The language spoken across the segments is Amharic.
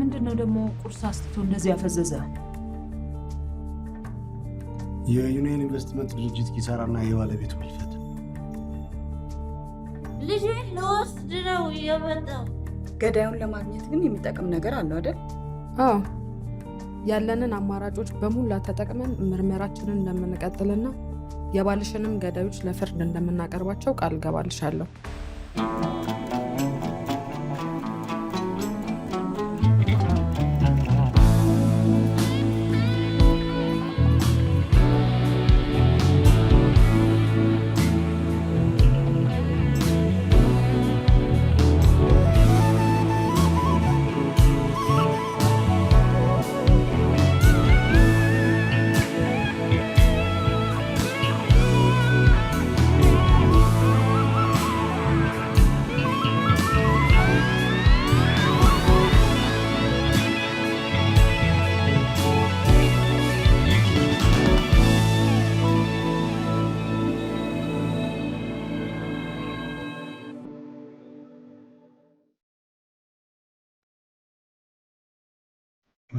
ምንድን ነው ደግሞ ቁርስ አስትቶ እንደዚህ ያፈዘዘ? የዩናይን ኢንቨስትመንት ድርጅት ኪሳራና የባለቤቱ መልፈት። ልጅ ለወስድ ነው የመጣው። ገዳዩን ለማግኘት ግን የሚጠቅም ነገር አለው አይደል? አዎ ያለንን አማራጮች በሙላ ተጠቅመን ምርመራችንን እንደምንቀጥልና የባልሽንም ገዳዮች ለፍርድ እንደምናቀርባቸው ቃል ገባልሻለሁ።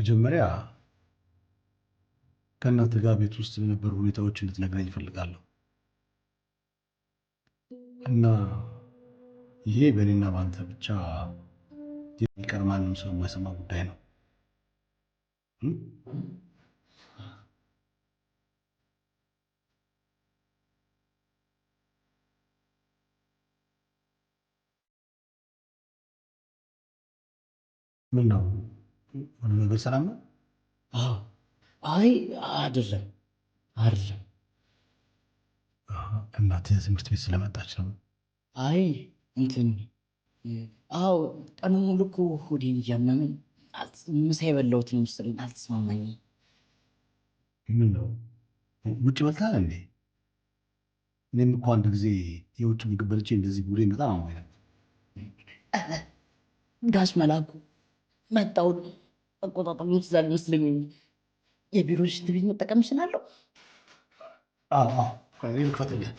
መጀመሪያ ከእናንተ ጋር ቤት ውስጥ የነበሩ ሁኔታዎች እንድትነግረኝ እፈልጋለሁ እና ይሄ በእኔና በአንተ ብቻ የሚቀር ማንም ሰው የማይሰማ ጉዳይ ነው። ምን ነው ሁሉም ነገር ሰላም ነው? አዎ አይ አይደለም አይደለም። እናትህ ትምህርት ቤት ስለመጣች ነው? አይ እንትን አዎ ቀኑን ሙሉ እኮ ሆዴን እያመመኝ ምሳ የበላሁት መሰለኝ አልተስማማኝም። ምን ነው ውጭ በልተሃል እንዴ? እኔም እኮ አንድ ጊዜ የውጭ ምግብ በልቼ እንደዚህ ጉዴን በጣም አሞኝ ነበር። ጋሽ መላኩ መጣሁ አቆጣጠር ውስጥ ዛሬ የቢሮ ሽንት ቤት መጠቀም እችላለሁ። ልክፈትልህ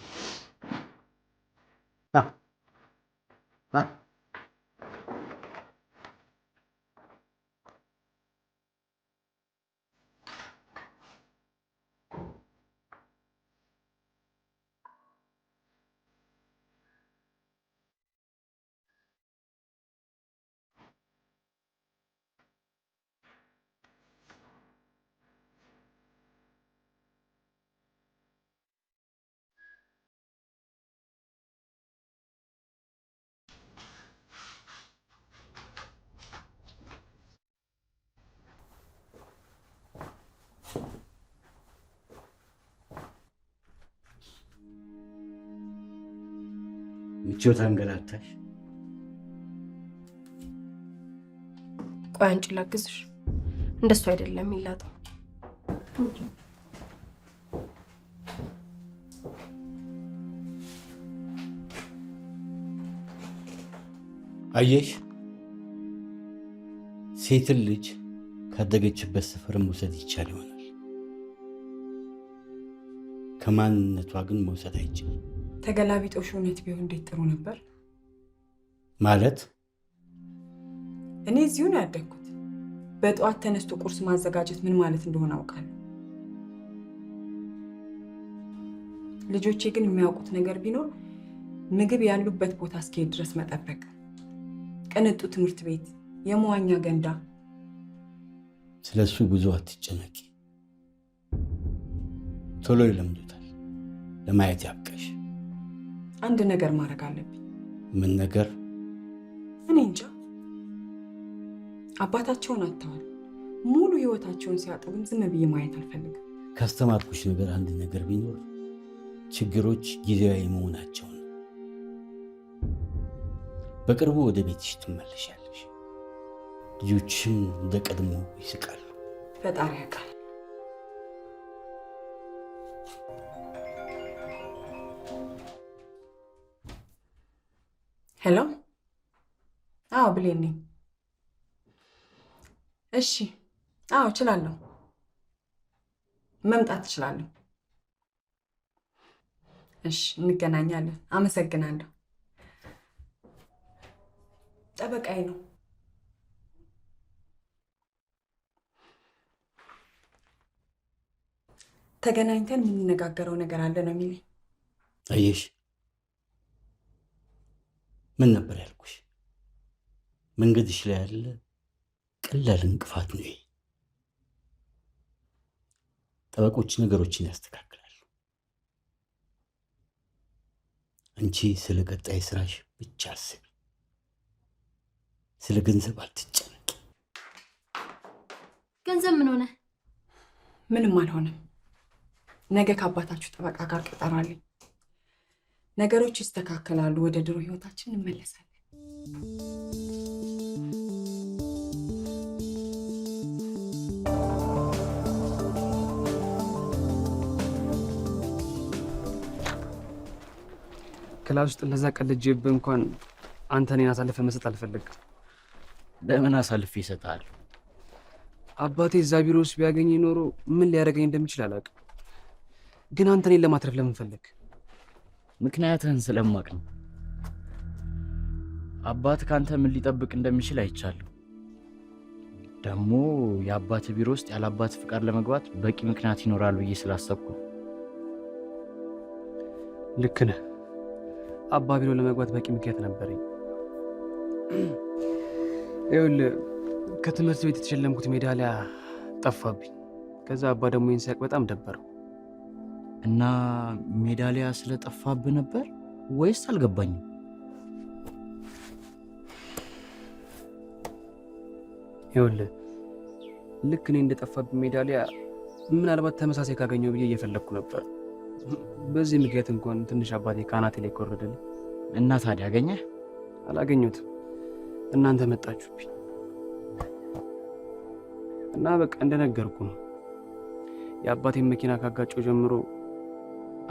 እጆ ታንገላታሽ። ቆይ አንቺ ላግዝሽ። እንደሱ አይደለም ይላጣ አየሽ፣ ሴትን ልጅ ካደገችበት ስፍር መውሰድ ይቻል ይሆናል፣ ከማንነቷ ግን መውሰድ አይችልም። ተገላቢጦሽ እውነት ቢሆን እንዴት ጥሩ ነበር። ማለት እኔ እዚሁ ነው ያደግኩት። በጠዋት ተነስቶ ቁርስ ማዘጋጀት ምን ማለት እንደሆነ አውቃለሁ። ልጆቼ ግን የሚያውቁት ነገር ቢኖር ምግብ ያሉበት ቦታ እስኪሄድ ድረስ መጠበቅ፣ ቅንጡ ትምህርት ቤት፣ የመዋኛ ገንዳ። ስለሱ ብዙ አትጨነቂ፣ ቶሎ ይለምዱታል። ለማየት ያብቀሽ። አንድ ነገር ማድረግ አለብኝ። ምን ነገር? እኔ እንጃ። አባታቸውን አጥተዋል። ሙሉ ህይወታቸውን ሲያጡ ግን ዝም ብዬ ማየት አልፈልግም። ካስተማርኩሽ ነገር አንድ ነገር ቢኖር ችግሮች ጊዜያዊ ነው። በቅርቡ ወደ ቤትሽ ትመለሻለሽ፣ ልጆችሽም እንደ ቀድሞ ይስቃሉ። ፈጣሪ ያውቃል። ሄሎ አዎ ብሌን ነኝ። እሺ አዎ እችላለሁ፣ መምጣት እችላለሁ። እሺ እንገናኛለን። አመሰግናለሁ። ጠበቃይ ነው። ተገናኝተን የምንነጋገረው ነገር አለ ነው የሚለኝ። አየሽ ምን ነበር ያልኩሽ? መንገድሽ ላይ ያለ ቀላል እንቅፋት ነው። ጠበቆች ነገሮችን ያስተካክላሉ። አንቺ ስለ ቀጣይ ስራሽ ብቻ አስቢ። ስለ ገንዘብ አትጨነቂ። ገንዘብ ምን ሆነ? ምንም አልሆነም። ነገ ከአባታችሁ ጠበቃ ጋር ቀጠራለኝ። ነገሮች ይስተካከላሉ፣ ወደ ድሮ ህይወታችን እንመለሳለን። ክላስ ውስጥ እንደዛ ቀልጄብህ እንኳን አንተ እኔን አሳልፈ መስጠት አልፈለግም። ለምን አሳልፍ ይሰጣል? አባቴ እዛ ቢሮ ውስጥ ቢያገኝ ኖሮ ምን ሊያደርገኝ እንደሚችል አላውቅም። ግን አንተ እኔን ለማትረፍ ለምን ፈለግ ምክንያትህን ስለማቅ ነው። አባት ካንተ ምን ሊጠብቅ እንደሚችል አይቻለሁ። ደግሞ የአባት ቢሮ ውስጥ ያለ አባት ፍቃድ ለመግባት በቂ ምክንያት ይኖራል ብዬ ስላሰብኩ ነው። ልክ ነህ። አባ ቢሮ ለመግባት በቂ ምክንያት ነበረኝ። ይኸውልህ ከትምህርት ቤት የተሸለምኩት ሜዳሊያ ጠፋብኝ። ከዛ አባ ደግሞ ይህን ሲያውቅ በጣም ደበረው። እና ሜዳሊያ ስለጠፋብህ ነበር ወይስ አልገባኝም? ይኸውልህ ልክ እኔ እንደጠፋብህ ሜዳሊያ ምናልባት ተመሳሳይ ካገኘው ብዬ እየፈለግኩ ነበር። በዚህ ምክንያት እንኳን ትንሽ አባቴ ከአናቴ ላይ ኮረደልኝ። እና ታዲያ አገኘህ? አላገኘሁትም። እናንተ መጣችሁብኝ እና በቃ እንደነገርኩ ነው የአባቴን መኪና ካጋጨው ጀምሮ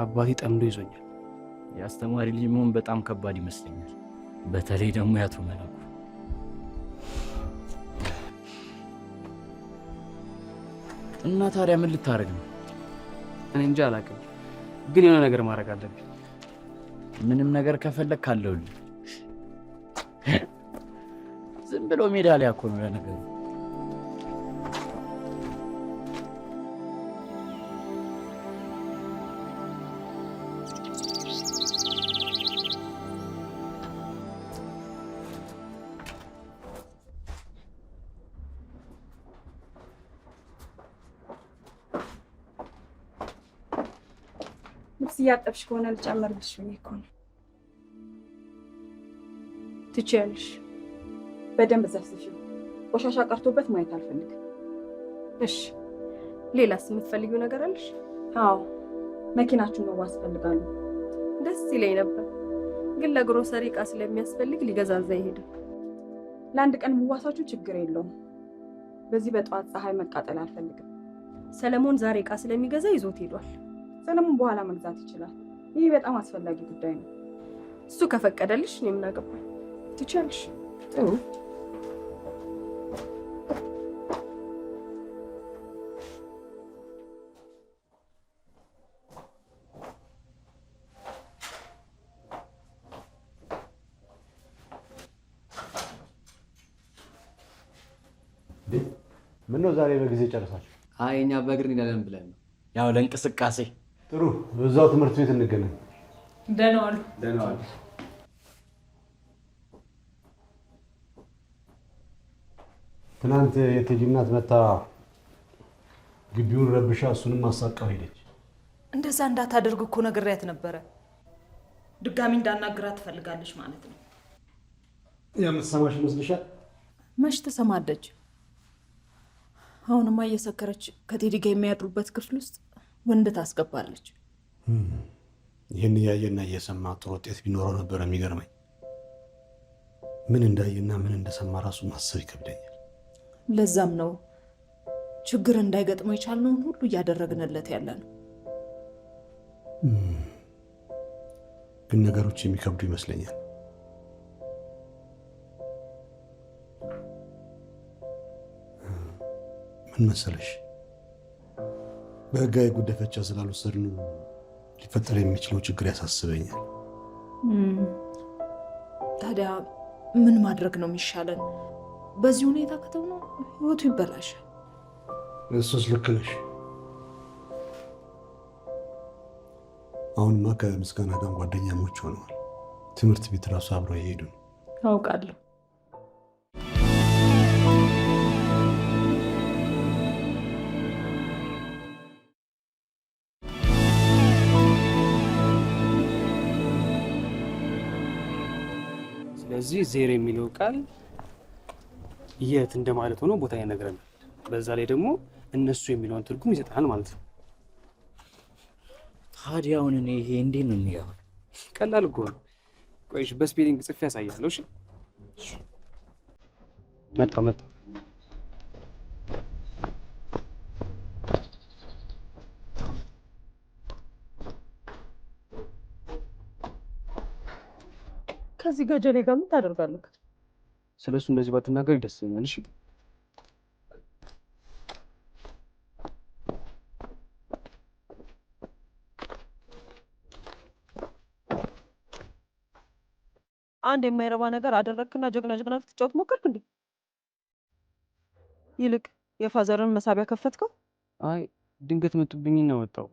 አባቴ ጠምዶ ይዞኛል። የአስተማሪ ልጅ መሆን በጣም ከባድ ይመስለኛል። በተለይ ደግሞ ያቶ መላኩ እና ታዲያ ምን ልታደርግ ነው? እኔ እንጂ አላውቅም፣ ግን የሆነ ነገር ማድረግ አለብኝ። ምንም ነገር ከፈለግ ካለውልኝ ዝም ብሎ ሜዳ እኮ ነው ለነገሩ እያጠብሽ ከሆነ ልጨምርልሽ ብዬሽ እኮ ነው። ትችያለሽ። በደንብ ዘፍዝፊው። ቆሻሻ ቀርቶበት ማየት አልፈልግም። እሺ። ሌላስ የምትፈልጊው ነገር አለሽ? አዎ፣ መኪናችሁን መዋስ እፈልጋለሁ። ደስ ይለኝ ነበር፣ ግን ለግሮሰሪ እቃ ስለሚያስፈልግ ሊገዛዛ ይሄድም። ለአንድ ቀን መዋሳችሁ ችግር የለውም። በዚህ በጠዋት ፀሐይ መቃጠል አልፈልግም። ሰለሞን ዛሬ እቃ ስለሚገዛ ይዞት ሄዷል። ሰለሞን በኋላ መግዛት ይችላል። ይህ በጣም አስፈላጊ ጉዳይ ነው። እሱ ከፈቀደልሽ እኔ ምን አገባኝ? ትችያለሽ። ጥሩ ምነው ዛሬ በጊዜ ጨርሳችሁ? አይ እኛ በእግር እንሄዳለን ብለን ነው ያው ለእንቅስቃሴ ጥሩ። እዛው ትምህርት ቤት እንገናኝ። ደህና ዋሉ። ደህና ዋሉ። ትናንት የቴዲ እናት መታ ግቢውን ረብሻ እሱንም አሳቃው ሄደች። እንደዛ እንዳታደርግ እኮ ነግሬያት ነበረ። ድጋሚ እንዳናግራት ትፈልጋለች ማለት ነው። የምትሰማሽ ይመስልሻል? መች ትሰማለች። አሁንማ እየሰከረች ከቴዲ ጋር የሚያድሩበት ክፍል ውስጥ ወንድ ታስገባለች። ይህን እያየና እየሰማ ጥሩ ውጤት ቢኖረው ነበር የሚገርመኝ። ምን እንዳየና ምን እንደሰማ ራሱ ማሰብ ይከብደኛል። ለዛም ነው ችግር እንዳይገጥመው የቻልነውን ሁሉ እያደረግንለት ያለ ነው። ግን ነገሮች የሚከብዱ ይመስለኛል። ምን መሰለሽ በህጋዊ ጉዳይ ፈቻ ነው ሊፈጠር የሚችለው ችግር ያሳስበኛል። ታዲያ ምን ማድረግ ነው የሚሻለን? በዚህ ሁኔታ ከተውነው ህይወቱ ይበላሻል። እሱስ ልክ ነሽ። አሁንማ ከምስጋና ጋር ጓደኛሞች ሆነዋል። ትምህርት ቤት እራሱ አብረው እየሄዱ ነው። አውቃለሁ። ስለዚህ ዜር የሚለው ቃል የት እንደማለት ሆኖ ቦታ ይነግረናል። በዛ ላይ ደግሞ እነሱ የሚለውን ትርጉም ይሰጣል ማለት ነው። ታዲያውን እኔ ይሄ እንዴ ነው የሚለው? ቀላል እኮ ነው። ቆይሽ በስፔሊንግ ጽፌ ያሳያለሁ። እሺ መጣ መጣ ከዚህ ጋር ጀኔ ጋር ምን ታደርጋለህ? ስለ እሱ እንደዚህ ባትናገር ይደስኛል። እሺ አንድ የማይረባ ነገር አደረግክና ጀግና ጀግና ልትጫወት ሞከርክ እንዴ? ይልቅ የፋዘርን መሳቢያ ከፈትከው። አይ ድንገት መጡብኝ ነው ወጣው፣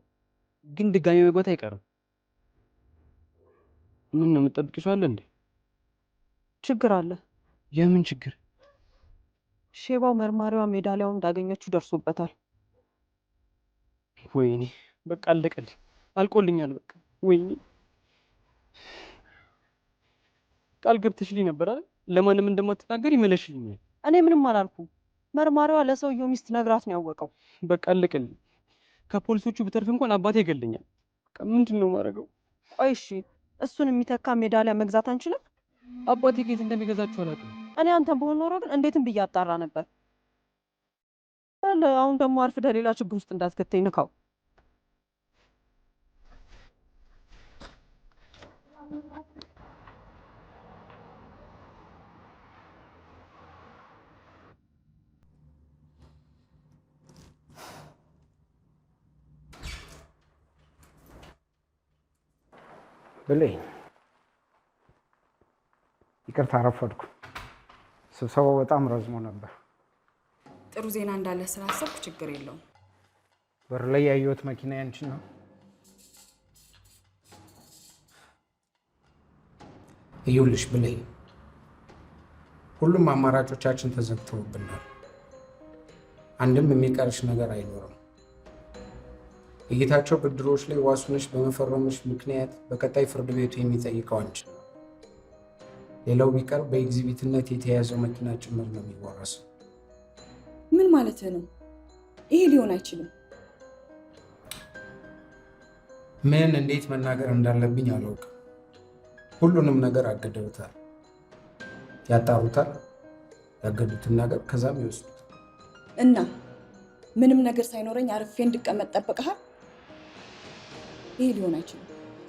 ግን ድጋሚ መግባት አይቀርም። ምን ነው የምጠብቅሽው አለ እንዴ? ችግር አለ። የምን ችግር? ሼባው መርማሪዋ ሜዳሊያውን እንዳገኘችው ደርሶበታል። ወይኔ በቃ አለቀልኝ፣ አልቆልኛል። በቃ ወይኔ ቃል ገብተሽልኝ ነበር አይደል? ለማንም እንደማትናገር ይመለሽልኛል። እኔ ምንም አላልኩ። መርማሪዋ ለሰውየው ሚስት ነግራት ነው ያወቀው። በቃ አለቀልኝ። ከፖሊሶቹ ብተርፍ እንኳን አባቴ ይገለኛል። ምንድን ነው የማደርገው? ቆይ እሺ፣ እሱን የሚተካ ሜዳሊያ መግዛት አንችልም? አባቴ ከየት እንደሚገዛችሁ አላውቅም። እኔ አንተም በሆን ኖሮ ግን እንዴትም ብዬ አጣራ ነበር። አሁን ደግሞ አርፍደ ሌላ ችግር ውስጥ እንዳትከተኝ ንካው። ብሎኝ ይቅርታ ረፈድኩ። ስብሰባው በጣም ረዝሞ ነበር። ጥሩ ዜና እንዳለ ስላሰብኩ ችግር የለውም። በር ላይ ያየሁት መኪና ያንችን ነው? እዩልሽ ብለይ፣ ሁሉም አማራጮቻችን ተዘግተውብናል። አንድም የሚቀርሽ ነገር አይኖርም። እይታቸው ብድሮች ላይ ዋሱንሽ በመፈረምሽ ምክንያት በቀጣይ ፍርድ ቤቱ የሚጠይቀው አንቺ ሌላው ቢቀር በኤግዚቢትነት የተያያዘው መኪና ጭምር ነው የሚወረሰው። ምን ማለት ነው? ይሄ ሊሆን አይችልም። ምን እንዴት መናገር እንዳለብኝ አላውቅም። ሁሉንም ነገር አገደውታል። ያጣሩታል፣ ያገዱትን ነገር ከዛም ይወስዱታል። እና ምንም ነገር ሳይኖረኝ አርፌ እንድቀመጥ ጠብቀሃል? ይሄ ሊሆን አይችልም።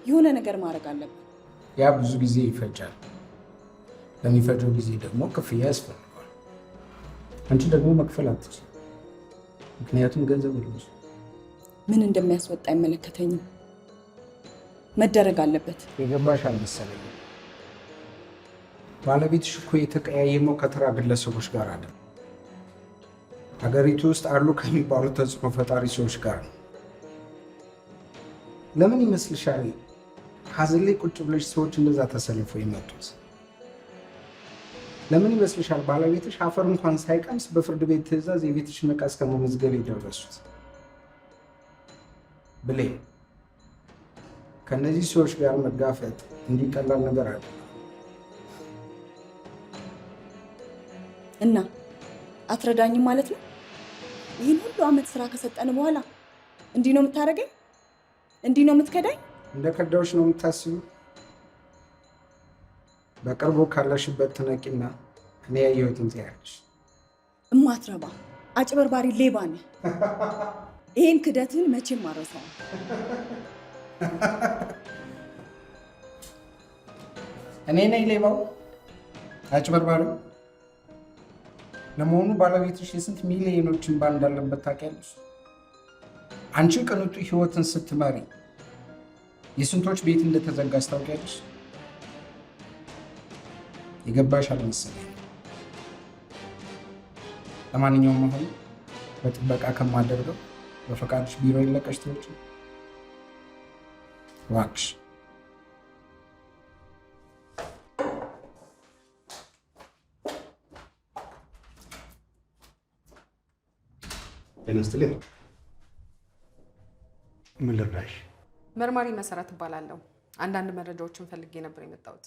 የሆነ ነገር ማድረግ አለብን። ያ ብዙ ጊዜ ይፈጃል። ለሚፈጀው ጊዜ ደግሞ ክፍያ ያስፈልገዋል። አንቺ ደግሞ መክፈል አትችል፣ ምክንያቱም ገንዘብ ልብስ ምን እንደሚያስወጣ አይመለከተኝም። መደረግ አለበት። የገባሽ አልመሰለኝ። ባለቤትሽ እኮ የተቀያየመው ከተራ ግለሰቦች ጋር አለ ሀገሪቱ ውስጥ አሉ ከሚባሉ ተጽዕኖ ፈጣሪ ሰዎች ጋር ነው። ለምን ይመስልሻል ሀዘን ላይ ቁጭ ብለሽ ሰዎች እንደዛ ተሰልፈው የመጡት? ለምን ይመስልሻል ባለቤትሽ አፈር እንኳን ሳይቀምስ በፍርድ ቤት ትዕዛዝ የቤትሽን ዕቃ እስከ መመዝገብ የደረሱት? ብሌ ከእነዚህ ሰዎች ጋር መጋፈጥ እንዲቀላል ነገር አለ እና አትረዳኝም ማለት ነው? ይህን ሁሉ ዓመት ስራ ከሰጠን በኋላ እንዲህ ነው የምታደርገኝ? እንዲህ ነው የምትከዳኝ? እንደ ከዳዎች ነው የምታስቡ በቅርቡ ካለሽበት ትነቂና እኔ ያየሁትን ትያለሽ። እማትረባ አጭበርባሪ ሌባ ነህ። ይህን ክደትን መቼም አረሳው። እኔ ነኝ ሌባው አጭበርባሪ። ለመሆኑ ባለቤትሽ የስንት ሚሊዮኖችን ባል እንዳለበት ታውቂያለሽ? አንቺ ቅንጡ ህይወትን ስትመሪ የስንቶች ቤት እንደተዘጋ ታውቂያለሽ? የገባሽ አልመሰለኝ። ለማንኛውም አሁን በጥበቃ ከማደርገው በፈቃድሽ ቢሮ ይለቀሽ ትወጪ እባክሽ። ጤናስትል ምን ልርዳሽ? መርማሪ መሰረት እባላለሁ። አንዳንድ መረጃዎችን ፈልጌ ነበር የመጣሁት።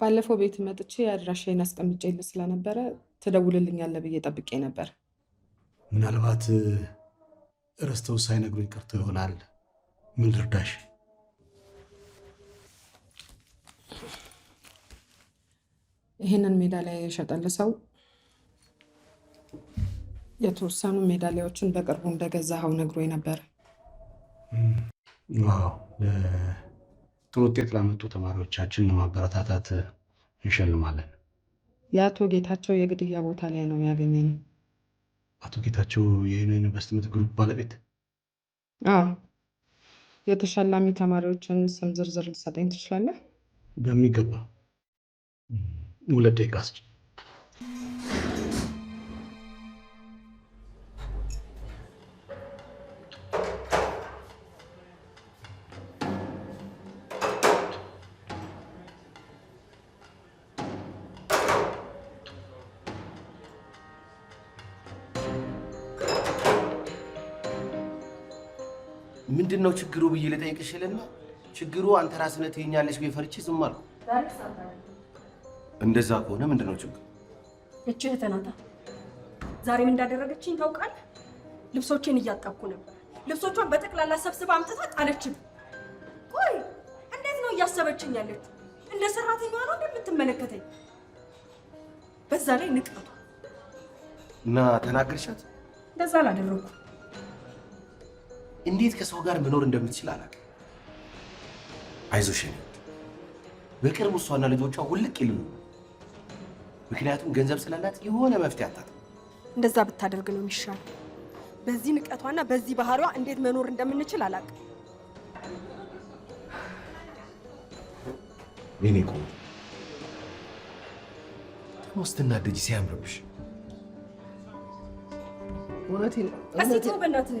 ባለፈው ቤት መጥቼ አድራሻዬን አስቀምጬልህ ስለነበረ ትደውልልኛለህ ብዬ ጠብቄ ነበር። ምናልባት ረስተው ሳይነግሩኝ ቀርቶ ይሆናል። ምን ልርዳሽ? ይህንን ሜዳ ላይ የሸጠልህ ሰው የተወሰኑ ሜዳሊያዎችን በቅርቡ እንደገዛኸው ነግሮኝ ነበር። ጥሩ ውጤት ላመጡ ተማሪዎቻችን ለማበረታታት እንሸልማለን። የአቶ ጌታቸው የግድያ ቦታ ላይ ነው ያገኘኝ። አቶ ጌታቸው የዩኒየን ኢንቨስትመንት ግሩፕ ባለቤት? አዎ። የተሸላሚ ተማሪዎችን ስም ዝርዝር ልሰጠኝ ትችላለህ? በሚገባ። ሁለት ደቂቃ ስጭኝ። ምንድን ነው ችግሩ ብዬ ልጠይቅሽልና ችግሩ አንተ ራስህ ነህ ትይኛለሽ ብዬ ፈርቼ ዝም አልኩ። እንደዛ ከሆነ ምንድን ነው ችግሩ? እች ዛሬ ዛሬም እንዳደረገችኝ ታውቃል? ልብሶቼን እያጣኩ ነበር። ልብሶቿን በጠቅላላ ሰብስባ አምጥታ ጣለችኝ። ቆይ እንዴት ነው እያሰበችኝ ያለች? እንደ ሰራተኛ ነው እንደምትመለከተኝ። በዛ ላይ ንቀቷ እና ተናገርሻት? እንደዛ አላደረኩም እንዴት ከሰው ጋር መኖር እንደምትችል አላውቅም። አይዞሽ እኔ በቅርቡ እሷና ልጆቿ ውልቅ ይልሉ። ምክንያቱም ገንዘብ ስላላት የሆነ መፍትሄ አታት። እንደዛ ብታደርግ ነው የሚሻል። በዚህ ንቀቷና በዚህ ባህሪዋ እንዴት መኖር እንደምንችል አላውቅም። እኔ እኮ ውስትና ደጅ ሲያምርብሽ እውነቴን ነው።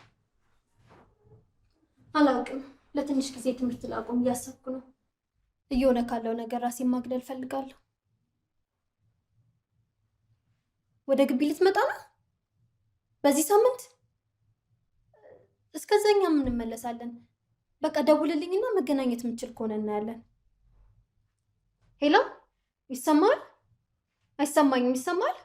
አላውቅም። ለትንሽ ጊዜ ትምህርት ላቆም እያሰብኩ ነው። እየሆነ ካለው ነገር ራሴ ማግደል ፈልጋለሁ። ወደ ግቢ ልትመጣ ነው በዚህ ሳምንት? እስከዛኛም እንመለሳለን። በቃ ደውልልኝና መገናኘት የምችል ከሆነ እናያለን። ሄሎ፣ ይሰማል? አይሰማኝም? ይሰማል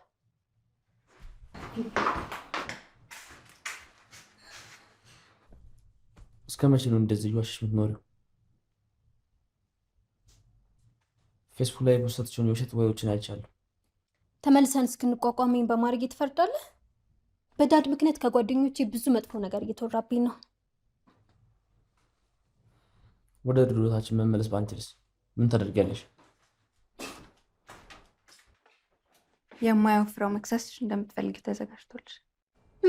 እስከ መቼ ነው እንደዚህ ዋሽሽ የምትኖሪው? ፌስቡክ ላይ የፖስታቸውን የውሸት ወሬዎችን አይቻለሁ። ተመልሰን እስክንቋቋመኝ በማድረግ ትፈርዳለህ። በዳድ ምክንያት ከጓደኞቼ ብዙ መጥፎ ነገር እየተወራብኝ ነው። ወደ ድሮታችን መመለስ ባንችልስ ምን ታደርጊያለሽ? የማያወፍረው መክሰስ እንደምትፈልግ ተዘጋጅቶልሽ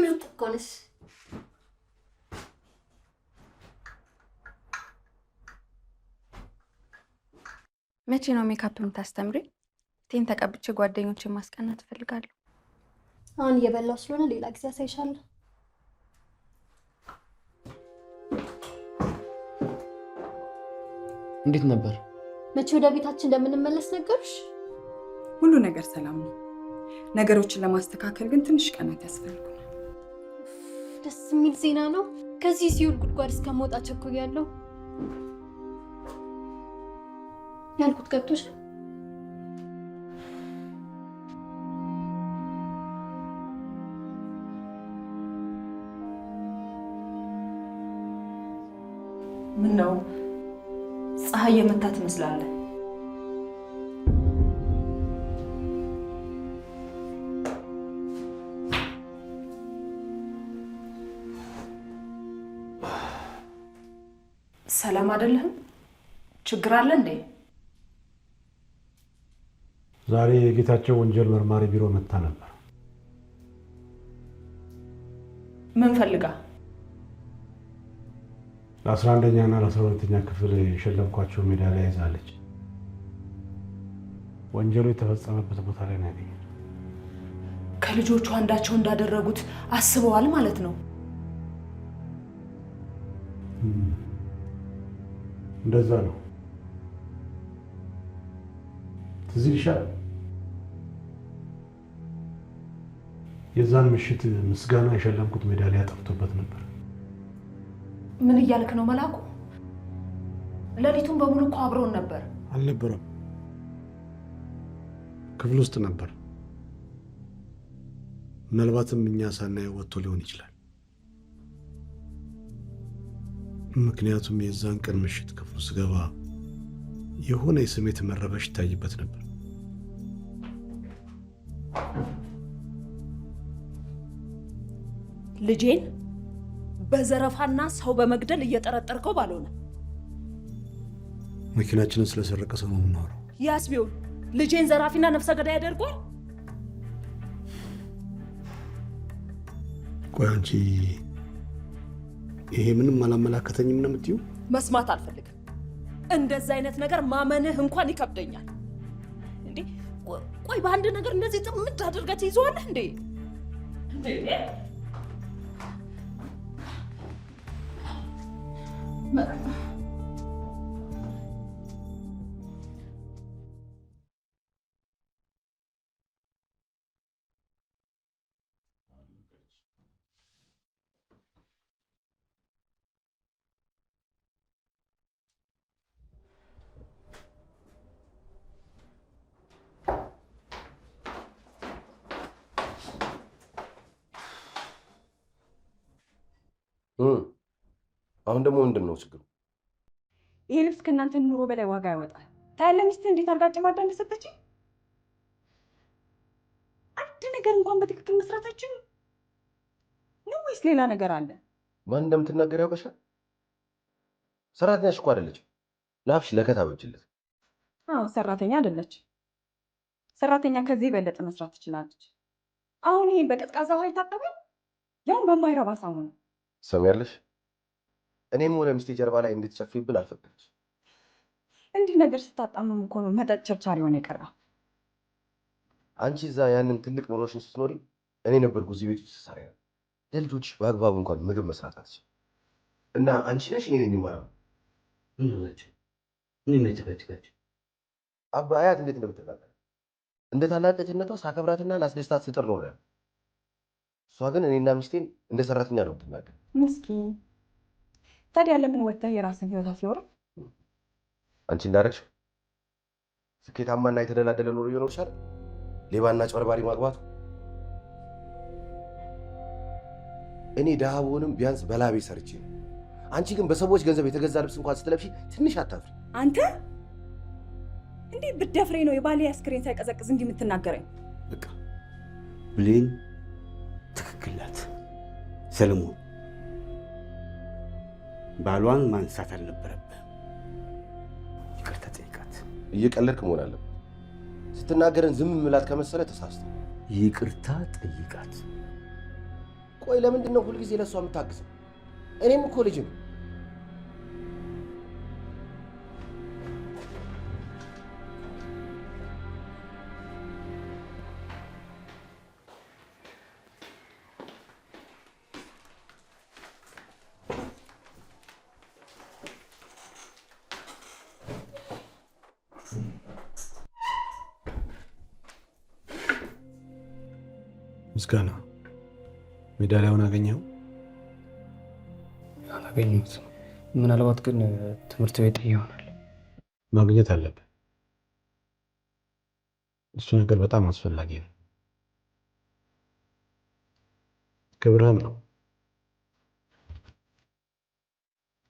ምርጥ እኮ ነሽ። መቼ ነው ሜካፕ የምታስተምሪ? ቴን ተቀብቼ ጓደኞችን ማስቀናት እፈልጋለሁ። አሁን እየበላው ስለሆነ ሌላ ጊዜ አሳይሻለሁ። እንዴት ነበር? መቼ ወደ ቤታችን እንደምንመለስ ነገርሽ? ሁሉ ነገር ሰላም ነው። ነገሮችን ለማስተካከል ግን ትንሽ ቀናት ያስፈልጉናል። ደስ የሚል ዜና ነው። ከዚህ ሲውል ጉድጓድ እስከመውጣ ቸኩያለሁ። ያልኩት ገብቶሻል? ምን ፀሐይ የመታ ትመስላለህ? ሰላም አይደለህም? ችግር አለ እንዴ? ዛሬ የጌታቸው ወንጀል መርማሪ ቢሮ መታ ነበር። ምን ፈልጋ? ለአስራ አንደኛ እና ለአስራ ሁለተኛ ክፍል የሸለምኳቸው ሜዳሊያ ይዛለች። ወንጀሉ የተፈጸመበት ቦታ ላይ ነው ያገኘ። ከልጆቹ አንዳቸው እንዳደረጉት አስበዋል ማለት ነው። እንደዛ ነው። ትዝ ይልሻል? የዛን ምሽት ምስጋና የሸለምኩት ሜዳሊያ ጠፍቶበት ነበር። ምን እያልክ ነው መላኩ? ሌሊቱን በሙሉ እኮ አብረውን ነበር። አልነበረም፣ ክፍል ውስጥ ነበር። ምናልባትም እኛ ሳናየው ወጥቶ ሊሆን ይችላል። ምክንያቱም የዛን ቀን ምሽት ክፍሉ ስገባ የሆነ የስሜት መረበሽ ይታይበት ነበር። ልጄን በዘረፋና ሰው በመግደል እየጠረጠርከው ባልሆነ መኪናችንን ስለሰረቀ ሰው ነው የምናወራው። ያስ ቢሆን ልጄን ዘራፊና ነፍሰ ገዳይ ያደርጓል። ቆይ አንቺ ይሄ ምንም አላመላከተኝም ነው የምትይው? መስማት አልፈልግም። እንደዚህ አይነት ነገር ማመንህ እንኳን ይከብደኛል። እንዴ ቆይ፣ በአንድ ነገር እንደዚህ ጥምድ አድርገህ ትይዘዋለህ እንዴ? አሁን ደግሞ ምንድን ነው ችግሩ? ይሄ ልብስ ከእናንተ ኑሮ በላይ ዋጋ ያወጣል። ታያለ ሚስት እንዴት አድርጋ ጭማዳ እንደሰጠች አንድ ነገር እንኳን በትክክል መስራታችን ነው ወይስ ሌላ ነገር አለ? ማን እንደምትናገር ያውቀሻል? ሰራተኛ ሽኮ አደለች። ለሀብሽ ለከት አበጅለት። አዎ ሰራተኛ አይደለች። ሰራተኛ ከዚህ የበለጠ መስራት ትችላለች። አሁን ይህን በቀዝቃዛ ውሃ የታጠበ ያውም በማይረባ ሳሙና ሰሚያለሽ እኔም ሆነ ሚስቴ ጀርባ ላይ እንድትጨፍሪብን አልፈቅድም። እንዲህ ነገር ስታጣምም እኮ ነው መጠጥ ቸርቻሪ ሆነ የቀረው። አንቺ እዛ ያንን ትልቅ ኑሮሽን ስትኖሪ እኔ ነበርኩ እዚህ ቤት ውስጥ ሰራ። ለልጆች በአግባቡ እንኳን ምግብ መስራት አልችልም እና አንቺ ነሽ እኔ ነኝ ማለት አባ አያት እንዴት እንደምትላለ እንደ ታላቅነቷ ሳከብራትና ላስደስታት ስጥር ነው። እሷ ግን እኔና ሚስቴን እንደ ሰራተኛ ነው ትናገር። ምስኪን ታዲያ ለምን ወጥተህ የራስን ህይወት አትኖርም? አንቺ እንዳደረግሽ ስኬታማና የተደላደለ ኑሮ እየኖርሻል። ሌባና ጨርባሪ ማግባቱ እኔ ድሃ ብሆንም ቢያንስ በላቤ ሰርቼ ነው። አንቺ ግን በሰዎች ገንዘብ የተገዛ ልብስ እንኳን ስትለብሺ ትንሽ አታፍሪ? አንተ እንዴ ብደፍሬ ነው የባሌ አስክሬን ሳይቀዘቅዝ እንዲህ የምትናገረኝ? በቃ ብሌን ትክክል ናት ሰለሞን ባሏን ማንሳት አልነበረብህም። ይቅርታ ጠይቃት። እየቀለድክ መሆን አለብህ። ስትናገረን ዝም ምላት ከመሰለ ተሳስተ። ይቅርታ ጠይቃት። ቆይ ለምንድን ነው ሁልጊዜ ለእሷ የምታግዘው? እኔም እኮ ልጅ ነው። ምስጋና ሜዳሊያውን አገኘው? አላገኘሁትም። ምናልባት ግን ትምህርት ቤት ይሆናል። ማግኘት አለብን። እሱ ነገር በጣም አስፈላጊ ነው። ክብርህም ነው።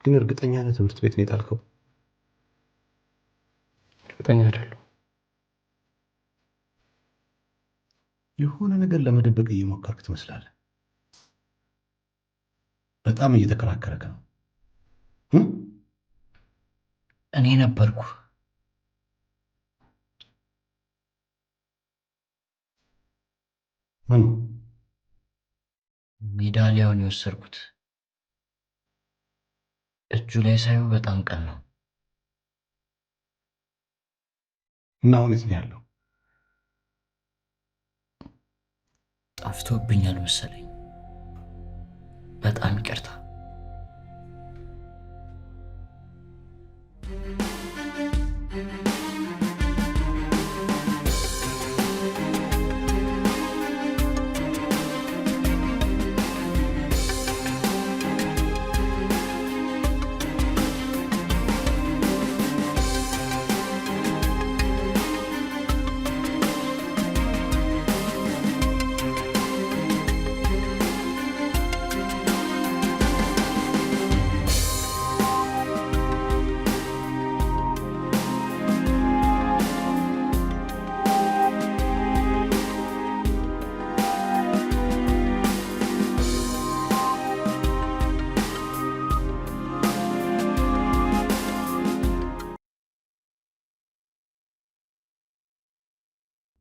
ግን እርግጠኛ ነህ ትምህርት ቤት ነው የጣልከው? እርግጠኛ የሆነ ነገር ለመደበቅ እየሞከርክ ትመስላለህ። በጣም እየተከራከረክ ነው። እኔ ነበርኩ ሜዳሊያውን የወሰድኩት እጁ ላይ ሳይሆን በጣም ቀን ነው እና ሁኔት ነው ያለው ጣፍቶብኛል መሰለኝ። በጣም ይቅርታ።